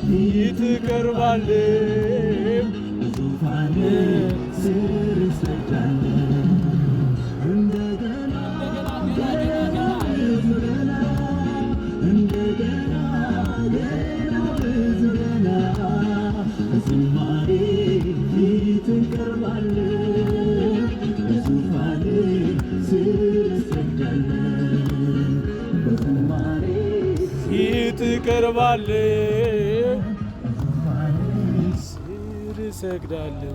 ፊት ቀርባል ዙፋን ስር ሰዳለ እንደገና ዝረና እንደገና ዝረና ዝማሬ ፊት ቀርባል ፊት ቀርባለሁ፣ ስር እሰግዳለሁ።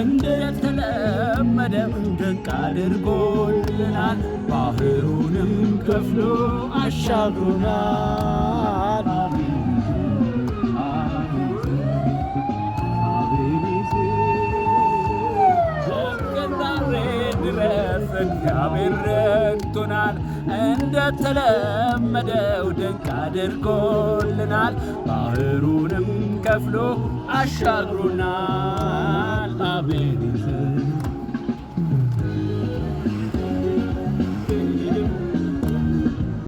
እንደተለመደው ድንቅ አድርጎልናል፣ ባህሩንም ከፍሎ አሻግሮናል። እግዚአብሔር ረድቶናል። እንደተለመደው ድንቅ አድርጎልናል። ባህሩንም ከፍሎ አሻግሮናል።